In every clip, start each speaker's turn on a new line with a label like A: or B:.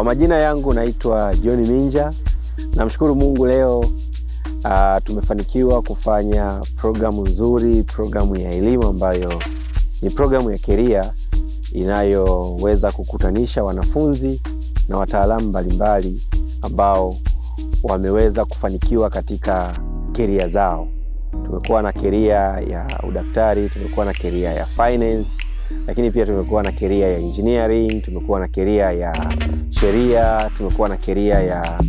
A: Kwa majina yangu naitwa John Minja. Namshukuru Mungu leo uh, tumefanikiwa kufanya programu nzuri, programu ya elimu ambayo ni programu ya keria inayoweza kukutanisha wanafunzi na wataalamu mbalimbali ambao wameweza kufanikiwa katika keria zao. Tumekuwa na keria ya udaktari, tumekuwa na keria ya finance lakini pia tumekuwa na keria ya engineering, tumekuwa na keria ya sheria, tumekuwa na keria ya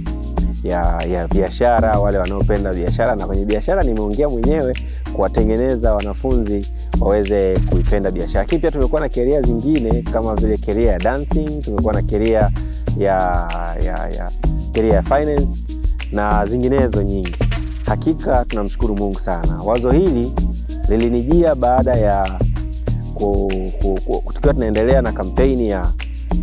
A: ya ya biashara, wale wanaopenda biashara. Na kwenye biashara nimeongea mwenyewe kuwatengeneza wanafunzi waweze kuipenda biashara, lakini pia tumekuwa na keria zingine kama vile keria ya dancing, tumekuwa na keria ya ya ya keria ya finance na zinginezo nyingi. Hakika tunamshukuru Mungu sana. Wazo hili lilinijia baada ya tukiwa tunaendelea na kampeni ya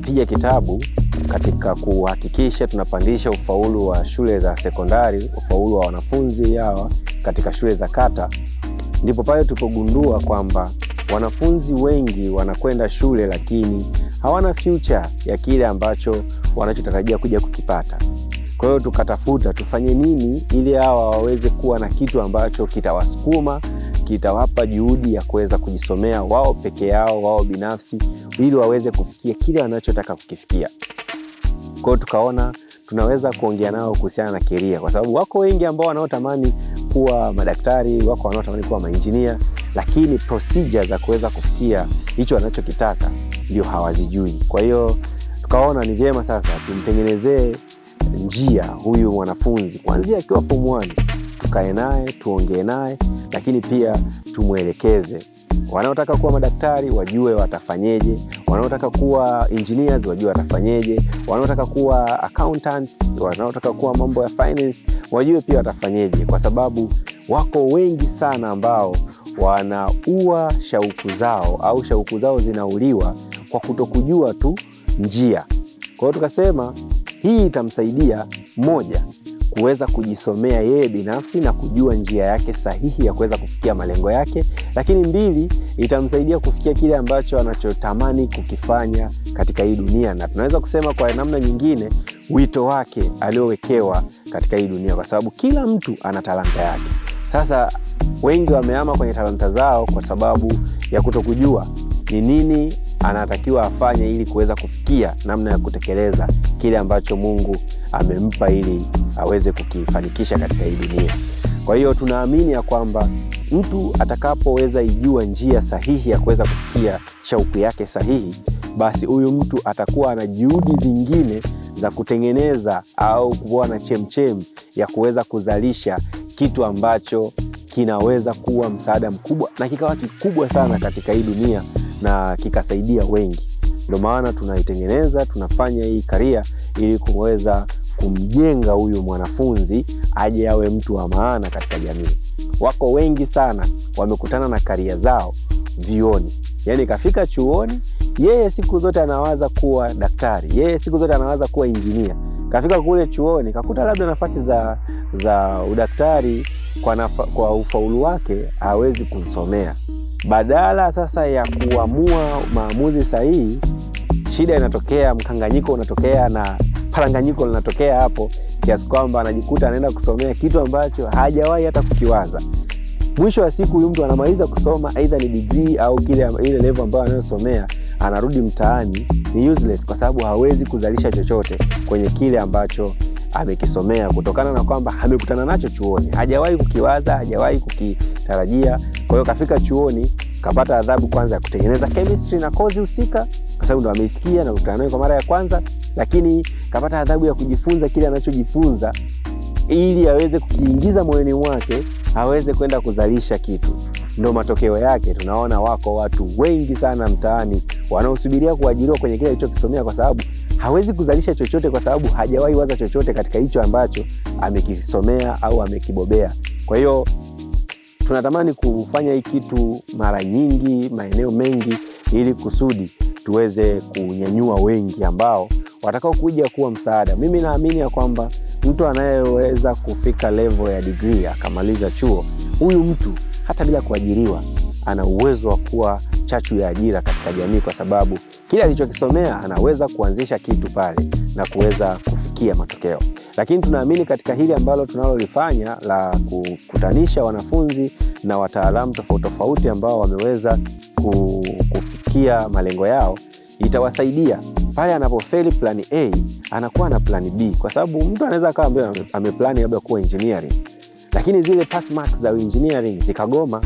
A: piga kitabu katika kuhakikisha tunapandisha ufaulu wa shule za sekondari, ufaulu wa wanafunzi hawa katika shule za kata, ndipo pale tulipogundua kwamba wanafunzi wengi wanakwenda shule lakini hawana future ya kile ambacho wanachotarajia kuja kukipata. Kwa hiyo tukatafuta tufanye nini ili hawa waweze kuwa na kitu ambacho kitawasukuma kitawapa juhudi ya kuweza kujisomea wao peke yao wao binafsi, ili waweze kufikia kile wanachotaka kukifikia. Kwao tukaona tunaweza kuongea nao kuhusiana na keria, kwa sababu wako wengi ambao wanaotamani kuwa madaktari, wako wanaotamani kuwa mainjinia, lakini procedure za kuweza kufikia hicho wanachokitaka ndio hawazijui. Kwa hiyo tukaona ni vyema sasa tumtengenezee njia huyu mwanafunzi kuanzia akiwa fomu tukae naye tuongee naye, lakini pia tumwelekeze. Wanaotaka kuwa madaktari wajue watafanyeje, wanaotaka kuwa engineers wajue watafanyeje, wanaotaka kuwa accountants, wanaotaka kuwa mambo ya finance wajue pia watafanyeje, kwa sababu wako wengi sana ambao wanaua shauku zao au shauku zao zinauliwa kwa kutokujua tu njia. Kwa hiyo tukasema hii itamsaidia moja kuweza kujisomea yeye binafsi na kujua njia yake sahihi ya kuweza kufikia malengo yake, lakini mbili, itamsaidia kufikia kile ambacho anachotamani kukifanya katika hii dunia, na tunaweza kusema kwa namna nyingine wito wake aliowekewa katika hii dunia, kwa sababu kila mtu ana talanta yake. Sasa wengi wamehama kwenye talanta zao kwa sababu ya kutokujua ni nini anatakiwa afanye ili kuweza kufikia namna ya kutekeleza kile ambacho Mungu amempa ili aweze kukifanikisha katika hii dunia. Kwa hiyo tunaamini ya kwamba mtu atakapoweza ijua njia sahihi ya kuweza kufikia shauku yake sahihi, basi huyu mtu atakuwa ana juhudi zingine za kutengeneza au kuwa na chemchem ya kuweza kuzalisha kitu ambacho kinaweza kuwa msaada mkubwa na kikawa kikubwa sana katika hii dunia na kikasaidia wengi. Ndio maana tunaitengeneza, tunafanya hii karia ili kuweza kumjenga huyu mwanafunzi aje awe mtu wa maana katika jamii. Wako wengi sana wamekutana na karia zao vioni yaani kafika chuoni, yeye siku zote anawaza kuwa daktari, yeye siku zote anawaza kuwa injinia. Kafika kule chuoni kakuta labda nafasi za, za udaktari kwa, nafa, kwa ufaulu wake hawezi kumsomea Badala sasa ya kuamua maamuzi sahihi, shida inatokea, mkanganyiko unatokea na paranganyiko linatokea hapo, kiasi kwamba anajikuta anaenda kusomea kitu ambacho hajawahi hata kukiwaza. Mwisho wa siku huyu mtu anamaliza kusoma, aidha ni digrii au kile ile level ambayo anayosomea, anarudi mtaani ni useless, kwa sababu hawezi kuzalisha chochote kwenye kile ambacho amekisomea kutokana na kwamba amekutana nacho chuoni, hajawahi kukiwaza, hajawahi kukitarajia. Kwa hiyo kafika chuoni kapata adhabu kwanza ya kutengeneza chemistry na kozi husika sababu ndo amesikia na kukutana nayo kwa mara ya kwanza, lakini kapata adhabu ya kujifunza kile anachojifunza ili aweze kukiingiza moyoni mwake aweze kwenda kuzalisha kitu. Ndo matokeo yake tunaona wako watu wengi sana mtaani wanaosubiria kuajiriwa kwenye kile alichokisomea, kwa sababu hawezi kuzalisha chochote, kwa sababu hajawahi waza chochote katika hicho ambacho amekisomea au amekibobea. Kwa hiyo tunatamani kufanya hii kitu mara nyingi, maeneo mengi, ili kusudi tuweze kunyanyua wengi ambao watakao kuja kuwa msaada. Mimi naamini ya kwamba mtu anayeweza kufika level ya degree akamaliza chuo, huyu mtu hata bila kuajiriwa ana uwezo wa kuwa chachu ya ajira katika jamii, kwa sababu kile alichokisomea anaweza kuanzisha kitu pale na kuweza kufikia matokeo. Lakini tunaamini katika hili ambalo tunalolifanya la kukutanisha wanafunzi na wataalamu tofauti tofauti ambao wameweza ku kufikia malengo yao itawasaidia pale anapofeli plani A anakuwa na plani B, kwa sababu mtu anaweza akawa ambaye ameplani labda kuwa engineering, lakini zile pass marks za engineering zikagoma,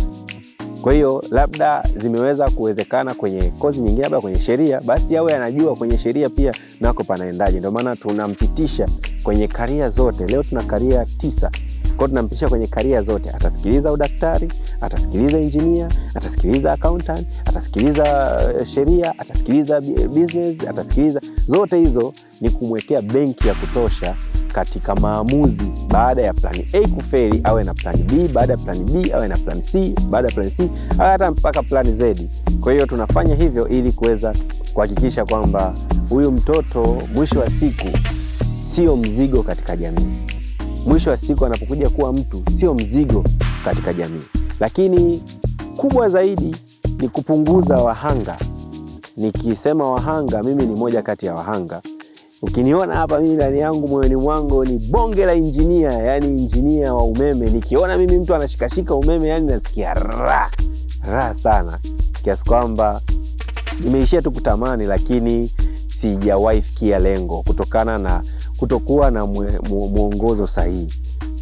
A: kwa hiyo labda zimeweza kuwezekana kwenye kozi nyingine, labda kwenye sheria, basi awe anajua kwenye sheria pia nako panaendaje. Ndio maana tunampitisha kwenye karia zote. Leo tuna karia tisa kwao tunampisha kwenye karia zote, atasikiliza udaktari, atasikiliza injinia, atasikiliza accountant, atasikiliza eh, sheria, atasikiliza eh, business, atasikiliza zote hizo. Ni kumwekea benki ya kutosha katika maamuzi. Baada ya plani A kufeli, awe na plani B, baada ya plani B awe na plani C, baada ya plani C awe hata mpaka plani Z. Kwa hiyo tunafanya hivyo ili kuweza kuhakikisha kwamba huyu mtoto mwisho wa siku sio mzigo katika jamii mwisho wa siku anapokuja kuwa mtu sio mzigo katika jamii. Lakini kubwa zaidi ni kupunguza wahanga. Nikisema wahanga, mimi ni moja kati ya wahanga. Ukiniona hapa mimi, ndani yangu moyoni mwangu ni bonge la injinia, yani injinia wa umeme. Nikiona mimi mtu anashikashika umeme, yani nasikia ra ra sana, kiasi kwamba nimeishia tu kutamani, lakini sijawahi fikia lengo kutokana na kutokuwa na mwongozo sahihi.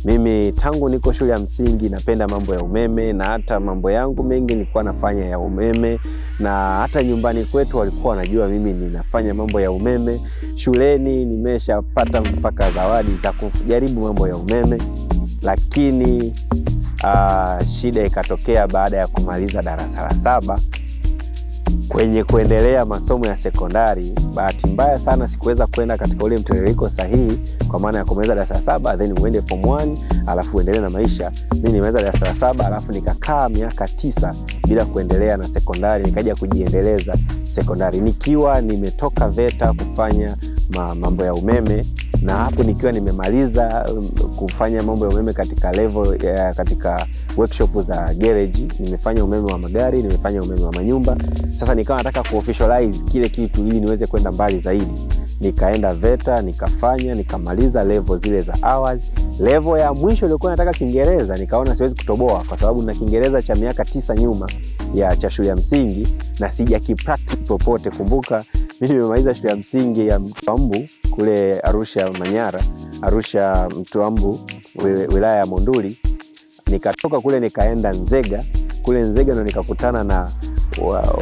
A: Mimi tangu niko shule ya msingi napenda mambo ya umeme, na hata mambo yangu mengi nilikuwa nafanya ya umeme, na hata nyumbani kwetu walikuwa wanajua mimi ninafanya mambo ya umeme. Shuleni nimeshapata mpaka zawadi za kujaribu mambo ya umeme, lakini aa, ah, shida ikatokea baada ya kumaliza darasa la saba. Kwenye kuendelea masomo ya sekondari, bahati mbaya sana sikuweza kwenda katika ule mtiririko sahihi, kwa maana ya kumaliza darasa la saba then uende form one alafu uendelee na maisha. Mi nimeweza darasa la saba alafu nikakaa miaka tisa bila kuendelea na sekondari, nikaja kujiendeleza sekondari nikiwa nimetoka VETA kufanya mambo ya umeme na hapo nikiwa nimemaliza um, kufanya mambo ya umeme katika level ya katika workshop za garage, nimefanya umeme wa magari, nimefanya umeme wa manyumba. Sasa nikawa nataka kuofficialize kile kitu ili niweze kwenda mbali zaidi. Nikaenda VETA nikafanya, nikamaliza level zile za hours. Level ya mwisho ilikuwa nataka Kiingereza, nikaona siwezi kutoboa kwa sababu na Kiingereza cha miaka tisa nyuma ya cha shule ya msingi na sija popote. Kumbuka mimi nimemaliza shule ya msingi ya Mtwambu kule Arusha, Manyara, Arusha Mtwambu, wilaya ya Monduli. Nikatoka kule nikaenda Nzega, kule Nzega ndo nikakutana na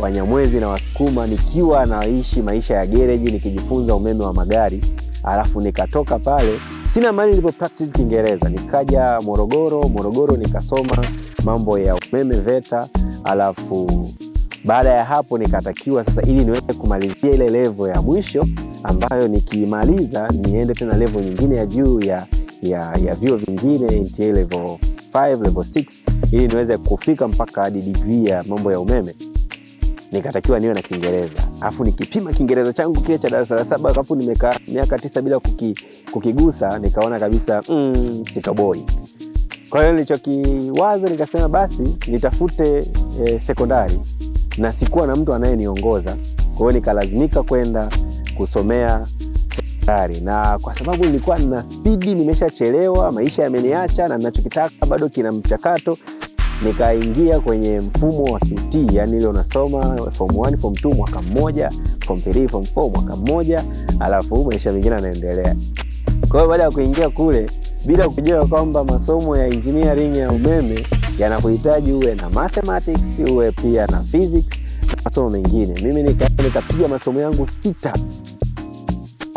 A: Wanyamwezi na Wasukuma nikiwa naishi maisha ya gereji nikijifunza umeme wa magari, alafu nikatoka pale sina mali nilipo practice Kiingereza nikaja Morogoro. Morogoro nikasoma mambo ya umeme VETA, alafu baada ya hapo nikatakiwa sasa, ili niweze kumalizia ile levo ya mwisho ambayo nikiimaliza niende tena levo nyingine ya juu ya, ya, ya vyuo vingine NTA level 5, level 6 ili niweze kufika mpaka hadi digrii ya mambo ya umeme nikatakiwa niwe na Kiingereza. Alafu nikipima Kiingereza changu kile cha darasa la saba, alafu nimekaa miaka tisa bila kuki, kukigusa, nikaona kabisa mm, sitoboi. Kwa hiyo nilichokiwaza nikasema basi nitafute eh, sekondari na sikuwa na mtu anayeniongoza, kwa hiyo nikalazimika kwenda kusomea sekondari, na kwa sababu nilikuwa na spidi, nimeshachelewa, maisha yameniacha na ninachokitaka bado kina mchakato, nikaingia kwenye mfumo wa KT, yani ile unasoma form 1 form 2 mwaka mmoja, form 3 form 4 mwaka mmoja, alafu maisha mengine anaendelea. Kwa hiyo baada ya kuingia kule bila kujua kwamba masomo ya engineering ya umeme yanakuhitaji uwe na mathematics, uwe pia na physics na masomo mengine. Mimi nikapiga masomo yangu sita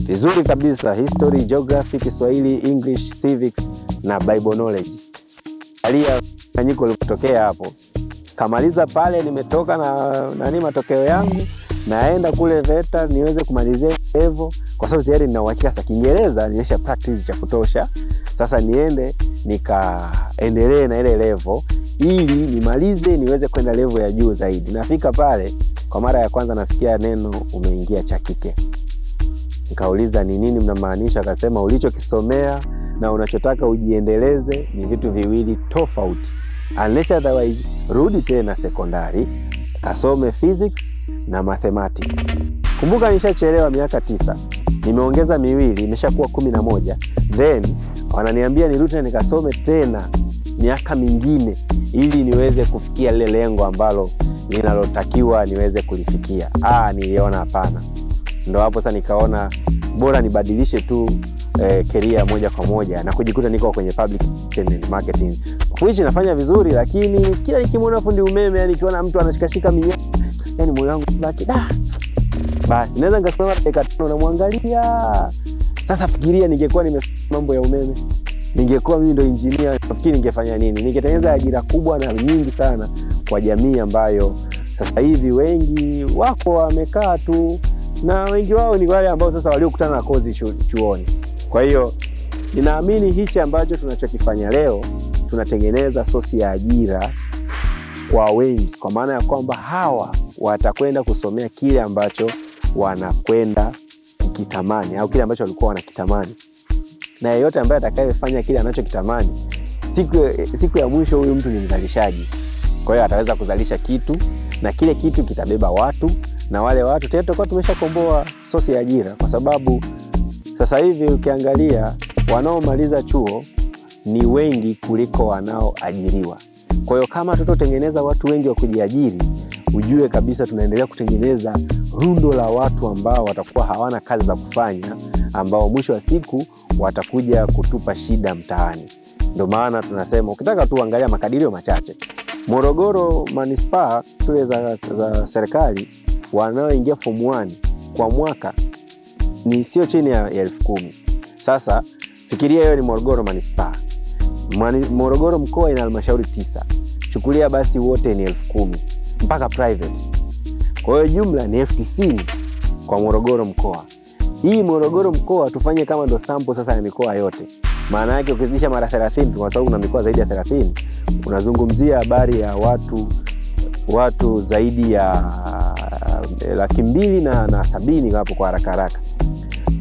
A: vizuri kabisa: history, geography, Kiswahili, English, civics na Bible knowledge. Alia nyiko lipotokea hapo, kamaliza pale, nimetoka na nani matokeo yangu naenda kule VETA niweze kumalizia hivyo, kwa sababu tayari nina uhakika sasa Kiingereza nimesha practice cha kutosha. Sasa niende nikaendelee na ile levo ili nimalize niweze kwenda levo ya juu zaidi. Nafika pale, kwa mara ya kwanza nasikia neno umeingia cha kike. Nikauliza ni nini mnamaanisha? Akasema ulichokisomea na unachotaka ujiendeleze ni vitu viwili tofauti, unless otherwise, rudi tena sekondari kasome physics na mathematics. Kumbuka nishachelewa miaka tisa, nimeongeza miwili, imeshakuwa kumi na moja then wananiambia nirute nikasome tena miaka mingine ili niweze kufikia lile lengo ambalo linalotakiwa niweze kulifikia. Ah, niliona hapana, ndo hapo sasa nikaona bora nibadilishe tu eh, keria moja kwa moja na kujikuta niko kwenye public marketing, which nafanya vizuri, lakini kila nikimwona fundi umeme, yani kiona mtu anashikashika minya, yani moyo wangu baki da, basi naweza nikasimama dakika tano namwangalia sasa fikiria, ningekuwa nime mambo ya umeme, ningekuwa mimi ndo injinia, nafikiri ningefanya nini? Ningetengeneza ajira kubwa na nyingi sana kwa jamii ambayo sasa hivi wengi wako wamekaa tu, na wengi wao ni wale ambao sasa waliokutana na kozi chuoni. Kwa hiyo ninaamini hichi ambacho tunachokifanya leo, tunatengeneza sosi ya ajira kwa wengi, kwa maana ya kwamba hawa watakwenda kusomea kile ambacho wanakwenda wanakitamani au kile ambacho walikuwa wanakitamani, na yeyote ambaye atakayefanya kile anachokitamani, siku, siku ya mwisho huyu mtu ni mzalishaji. Kwa hiyo ataweza kuzalisha kitu na kile kitu kitabeba watu, na wale watu tayari tutakuwa tumeshakomboa sosi ya ajira, kwa sababu sasa hivi ukiangalia wanaomaliza chuo ni wengi kuliko wanaoajiriwa. Kwa hiyo kama tutotengeneza watu wengi wa kujiajiri ujue kabisa tunaendelea kutengeneza rundo la watu ambao watakuwa hawana kazi za kufanya, ambao mwisho wa siku watakuja kutupa shida mtaani. Ndio maana tunasema ukitaka tu angalia makadirio machache, Morogoro manispaa, shule za, za serikali wanaoingia fomu kwa mwaka ni sio chini ya elfu kumi. Sasa fikiria hiyo ni Morogoro manispaa. Morogoro mkoa ina halmashauri tisa, chukulia basi wote ni elfu kumi mpaka private. Kwa hiyo jumla ni elfu tisini kwa Morogoro mkoa. Hii Morogoro mkoa tufanye kama ndo sample sasa ya mikoa yote, maana yake ukizidisha mara 30 kwa sababu kuna mikoa zaidi ya 30, unazungumzia habari ya watu watu zaidi ya eh, laki mbili na, na sabini hapo kwa haraka haraka.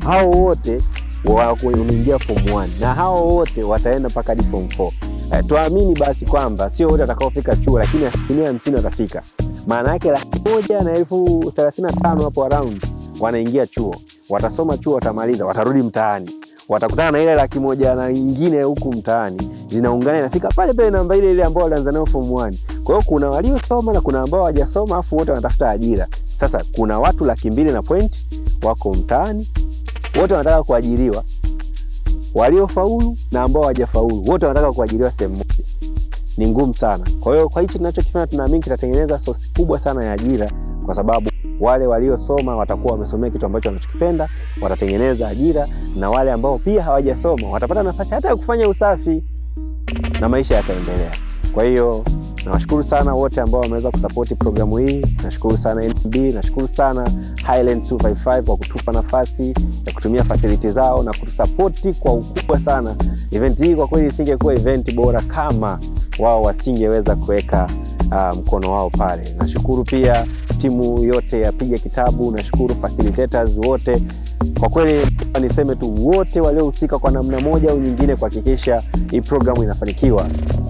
A: Hao wote wameingia form 1 na hao wote wataenda mpaka hadi form 4 eh, tuamini basi kwamba sio wote watakaofika chuo, lakini asilimia hamsini watafika. Maana yake laki moja na elfu thelathini na tano hapo around wanaingia chuo, watasoma chuo, watamaliza, watarudi mtaani, watakutana na ile laki moja na ingine huku mtaani, zinaungana inafika pale pale namba ile ile ambao walianza nayo form one. Kwa hiyo kuna waliosoma na kuna ambao hawajasoma, afu wote wanatafuta ajira. Sasa kuna watu laki mbili na point wako mtaani, wote wanataka kuajiriwa waliofaulu na ambao hawajafaulu, wote wanataka kuajiriwa sehemu moja. Ni ngumu sana. Kwa hiyo kwa hichi tunachokifanya, tunaamini kitatengeneza sosi kubwa sana ya ajira, kwa sababu wale waliosoma watakuwa wamesomea kitu ambacho wanachokipenda, watatengeneza ajira, na wale ambao pia hawajasoma watapata nafasi hata ya kufanya usafi na maisha yataendelea. Kwa hiyo nawashukuru sana wote ambao wameweza kusapoti programu hii. Nashukuru sana NMB, nashukuru sana Highland 255 kwa kutupa nafasi ya kutumia fasiliti zao na kutusapoti kwa ukubwa sana. Eventi hii kwa kweli isingekuwa eventi bora kama wao wasingeweza kuweka uh, mkono wao pale. Nashukuru pia timu yote ya Piga Kitabu, nashukuru facilitators wote kwa kweli niseme tu wote waliohusika kwa namna moja au nyingine kuhakikisha hii programu inafanikiwa.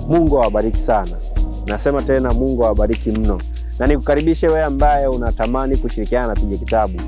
A: Mungu awabariki sana. Nasema tena Mungu awabariki mno, na nikukaribishe wewe ambaye unatamani kushirikiana na Tuje Kitabu.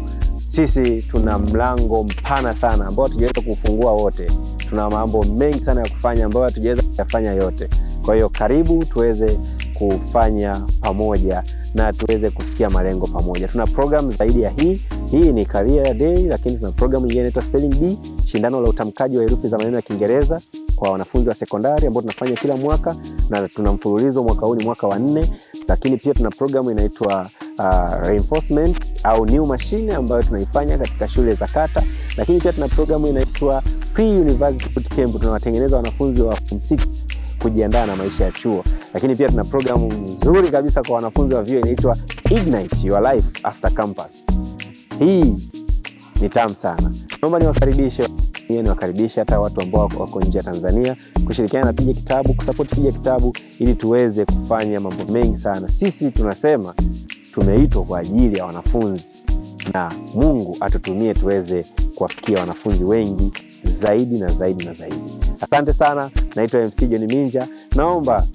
A: Sisi tuna mlango mpana sana ambao tujaweza kufungua wote. Tuna mambo mengi sana ya kufanya ambayo hatujaweza kuyafanya yote. Kwa hiyo karibu tuweze kufanya pamoja na tuweze kufikia malengo pamoja. Tuna programu zaidi ya hii. Hii ni career day, lakini tuna programu nyingine inaitwa spelling bee, shindano la utamkaji wa herufi za maneno ya Kiingereza kwa wanafunzi wa sekondari ambao tunafanya kila mwaka, na tuna mfululizo, mwaka huu ni mwaka wa nne, lakini pia tuna programu inaitwa uh, reinforcement au new machine ambayo tunaifanya katika shule za kata, lakini pia tuna programu inaitwa pre-university bootcamp, tunawatengeneza wanafunzi wa form 6 kujiandaa na maisha ya chuo, lakini pia tuna programu nzuri kabisa kwa wanafunzi wa vyuo inaitwa Ignite Your Life After Campus. Hii ni tamu sana, naomba niwakaribishe pia niwakaribisha hata watu ambao wako nje ya Tanzania kushirikiana na Piga Kitabu, kusapoti Piga Kitabu ili tuweze kufanya mambo mengi sana. Sisi tunasema tumeitwa kwa ajili ya wanafunzi, na Mungu atutumie tuweze kuwafikia wanafunzi wengi zaidi na zaidi na zaidi. Asante sana, naitwa MC John Minja. Naomba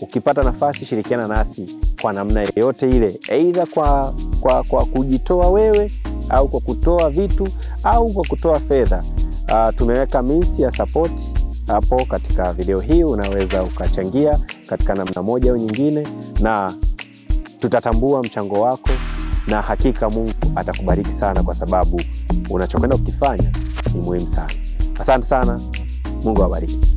A: ukipata nafasi, shirikiana nasi kwa namna yoyote ile, aidha kwa, kwa, kwa kujitoa wewe au kwa kutoa vitu au kwa kutoa fedha uh, tumeweka minsi ya sapoti hapo katika video hii. Unaweza ukachangia katika namna moja au nyingine, na tutatambua mchango wako, na hakika Mungu atakubariki sana, kwa sababu unachokwenda kukifanya ni muhimu sana. Asante sana, Mungu awabariki.